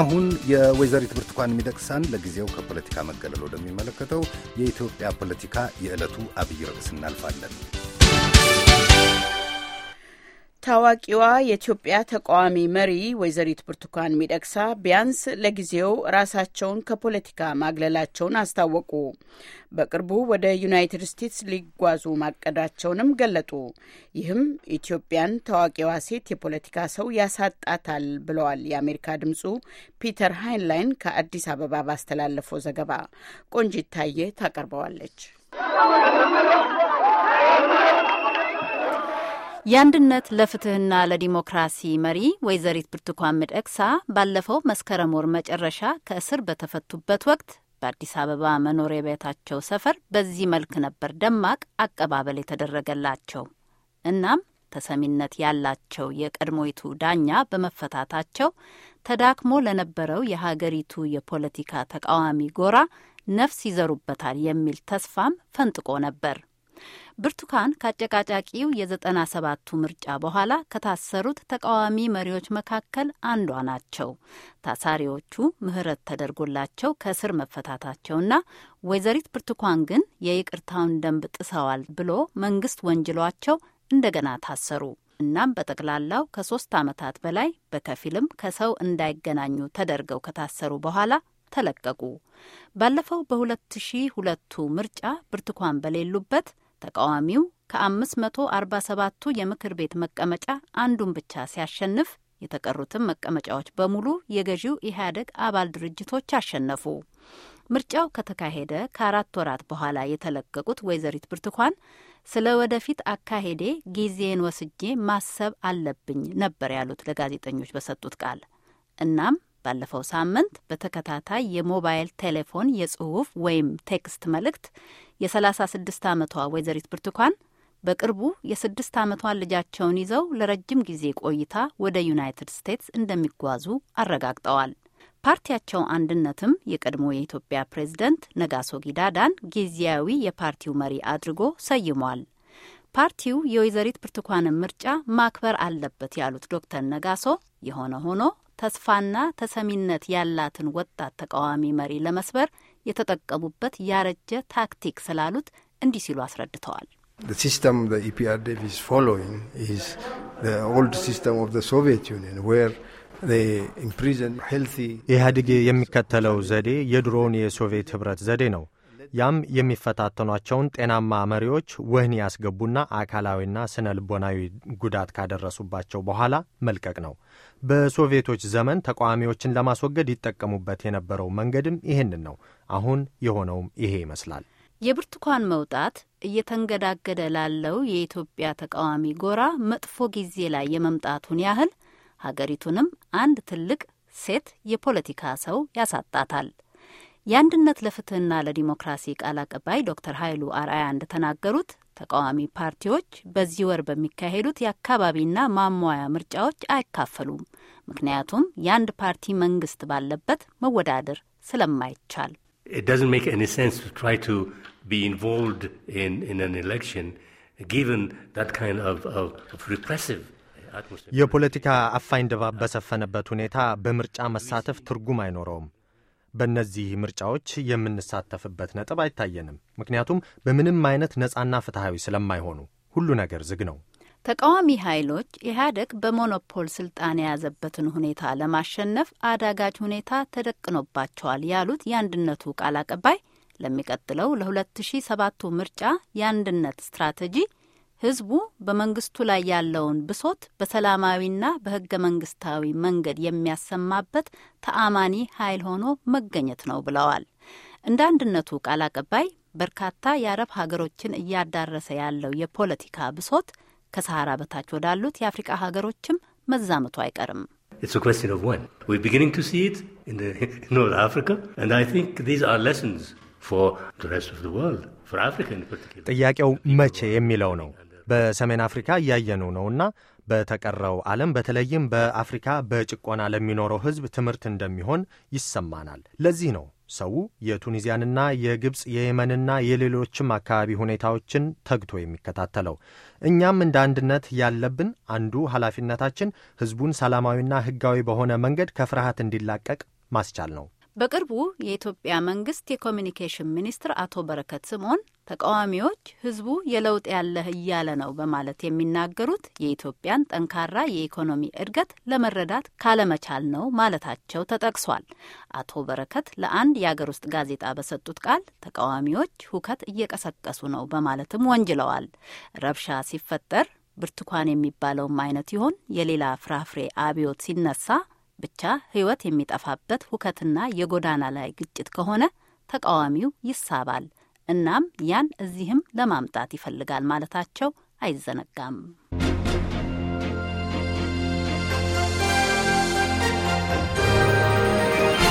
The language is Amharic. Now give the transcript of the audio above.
አሁን የወይዘሪት ብርቱካን የሚደቅሳን ለጊዜው ከፖለቲካ መገለል ወደሚመለከተው የኢትዮጵያ ፖለቲካ የዕለቱ አብይ ርዕስ እናልፋለን። ታዋቂዋ የኢትዮጵያ ተቃዋሚ መሪ ወይዘሪት ብርቱካን ሚደቅሳ ቢያንስ ለጊዜው ራሳቸውን ከፖለቲካ ማግለላቸውን አስታወቁ። በቅርቡ ወደ ዩናይትድ ስቴትስ ሊጓዙ ማቀዳቸውንም ገለጡ። ይህም ኢትዮጵያን ታዋቂዋ ሴት የፖለቲካ ሰው ያሳጣታል ብለዋል የአሜሪካ ድምጹ ፒተር ሃይንላይን ከአዲስ አበባ ባስተላለፈው ዘገባ። ቆንጂት ታዬ ታቀርበዋለች። የአንድነት ለፍትህና ለዲሞክራሲ መሪ ወይዘሪት ብርቱካን ሚደቅሳ ባለፈው መስከረም ወር መጨረሻ ከእስር በተፈቱበት ወቅት በአዲስ አበባ መኖሪያ ቤታቸው ሰፈር በዚህ መልክ ነበር ደማቅ አቀባበል የተደረገላቸው። እናም ተሰሚነት ያላቸው የቀድሞይቱ ዳኛ በመፈታታቸው ተዳክሞ ለነበረው የሀገሪቱ የፖለቲካ ተቃዋሚ ጎራ ነፍስ ይዘሩበታል የሚል ተስፋም ፈንጥቆ ነበር። ብርቱካን ከአጨቃጫቂው የዘጠና ሰባቱ ምርጫ በኋላ ከታሰሩት ተቃዋሚ መሪዎች መካከል አንዷ ናቸው። ታሳሪዎቹ ምህረት ተደርጎላቸው ከእስር መፈታታቸውና ወይዘሪት ብርቱካን ግን የይቅርታውን ደንብ ጥሰዋል ብሎ መንግስት ወንጅሏቸው እንደገና ታሰሩ። እናም በጠቅላላው ከሶስት ዓመታት በላይ በከፊልም ከሰው እንዳይገናኙ ተደርገው ከታሰሩ በኋላ ተለቀቁ። ባለፈው በ2002ቱ ምርጫ ብርቱካን በሌሉበት ተቃዋሚው ከ547ቱ የምክር ቤት መቀመጫ አንዱን ብቻ ሲያሸንፍ የተቀሩትም መቀመጫዎች በሙሉ የገዢው ኢህአዴግ አባል ድርጅቶች አሸነፉ። ምርጫው ከተካሄደ ከአራት ወራት በኋላ የተለቀቁት ወይዘሪት ብርቱካን ስለ ወደፊት አካሄዴ ጊዜን ወስጄ ማሰብ አለብኝ ነበር ያሉት ለጋዜጠኞች በሰጡት ቃል። እናም ባለፈው ሳምንት በተከታታይ የሞባይል ቴሌፎን የጽሁፍ ወይም ቴክስት መልእክት የ36 ዓመቷ ወይዘሪት ብርቱካን በቅርቡ የስድስት ዓመቷን ልጃቸውን ይዘው ለረጅም ጊዜ ቆይታ ወደ ዩናይትድ ስቴትስ እንደሚጓዙ አረጋግጠዋል። ፓርቲያቸው አንድነትም የቀድሞ የኢትዮጵያ ፕሬዝደንት ነጋሶ ጊዳዳን ጊዜያዊ የፓርቲው መሪ አድርጎ ሰይሟል። ፓርቲው የወይዘሪት ብርቱካንን ምርጫ ማክበር አለበት ያሉት ዶክተር ነጋሶ የሆነ ሆኖ ተስፋና ተሰሚነት ያላትን ወጣት ተቃዋሚ መሪ ለመስበር የተጠቀሙበት ያረጀ ታክቲክ ስላሉት እንዲህ ሲሉ አስረድተዋል። ሲስተም e ኢህአዴግ የሚከተለው ዘዴ የድሮውን የሶቪየት ህብረት ዘዴ ነው። ያም የሚፈታተኗቸውን ጤናማ መሪዎች ወህኒ ያስገቡና አካላዊና ስነ ልቦናዊ ጉዳት ካደረሱባቸው በኋላ መልቀቅ ነው። በሶቪየቶች ዘመን ተቃዋሚዎችን ለማስወገድ ይጠቀሙበት የነበረው መንገድም ይህንን ነው። አሁን የሆነውም ይሄ ይመስላል። የብርቱካን መውጣት እየተንገዳገደ ላለው የኢትዮጵያ ተቃዋሚ ጎራ መጥፎ ጊዜ ላይ የመምጣቱን ያህል ሀገሪቱንም አንድ ትልቅ ሴት የፖለቲካ ሰው ያሳጣታል። የአንድነት ለፍትህና ለዲሞክራሲ ቃል አቀባይ ዶክተር ኃይሉ አርአያ እንደተናገሩት ተቃዋሚ ፓርቲዎች በዚህ ወር በሚካሄዱት የአካባቢና ማሟያ ምርጫዎች አይካፈሉም። ምክንያቱም የአንድ ፓርቲ መንግስት ባለበት መወዳደር ስለማይቻል የፖለቲካ አፋኝ ድባብ በሰፈነበት ሁኔታ በምርጫ መሳተፍ ትርጉም አይኖረውም። በእነዚህ ምርጫዎች የምንሳተፍበት ነጥብ አይታየንም። ምክንያቱም በምንም አይነት ነጻና ፍትሐዊ ስለማይሆኑ ሁሉ ነገር ዝግ ነው። ተቃዋሚ ኃይሎች ኢህአደግ በሞኖፖል ስልጣን የያዘበትን ሁኔታ ለማሸነፍ አዳጋች ሁኔታ ተደቅኖባቸዋል ያሉት የአንድነቱ ቃል አቀባይ ለሚቀጥለው ለ2007ቱ ምርጫ የአንድነት ስትራቴጂ ህዝቡ በመንግስቱ ላይ ያለውን ብሶት በሰላማዊና በህገ መንግስታዊ መንገድ የሚያሰማበት ተአማኒ ኃይል ሆኖ መገኘት ነው ብለዋል። እንደ አንድነቱ ቃል አቀባይ በርካታ የአረብ ሀገሮችን እያዳረሰ ያለው የፖለቲካ ብሶት ከሰሃራ በታች ወዳሉት የአፍሪቃ ሀገሮችም መዛመቱ አይቀርም። ጥያቄው መቼ የሚለው ነው። በሰሜን አፍሪካ እያየነው ነውና በተቀረው ዓለም በተለይም በአፍሪካ በጭቆና ለሚኖረው ሕዝብ ትምህርት እንደሚሆን ይሰማናል። ለዚህ ነው ሰው የቱኒዚያንና የግብፅ የየመንና የሌሎችም አካባቢ ሁኔታዎችን ተግቶ የሚከታተለው። እኛም እንደ አንድነት ያለብን አንዱ ኃላፊነታችን ሕዝቡን ሰላማዊና ሕጋዊ በሆነ መንገድ ከፍርሃት እንዲላቀቅ ማስቻል ነው። በቅርቡ የኢትዮጵያ መንግስት የኮሚኒኬሽን ሚኒስትር አቶ በረከት ስምኦን ተቃዋሚዎች ህዝቡ የለውጥ ያለህ እያለ ነው በማለት የሚናገሩት የኢትዮጵያን ጠንካራ የኢኮኖሚ እድገት ለመረዳት ካለመቻል ነው ማለታቸው ተጠቅሷል። አቶ በረከት ለአንድ የአገር ውስጥ ጋዜጣ በሰጡት ቃል ተቃዋሚዎች ሁከት እየቀሰቀሱ ነው በማለትም ወንጅለዋል። ረብሻ ሲፈጠር ብርቱካን የሚባለውም አይነት ይሆን የሌላ ፍራፍሬ አብዮት ሲነሳ ብቻ ህይወት የሚጠፋበት ሁከትና የጎዳና ላይ ግጭት ከሆነ ተቃዋሚው ይሳባል። እናም ያን እዚህም ለማምጣት ይፈልጋል ማለታቸው አይዘነጋም።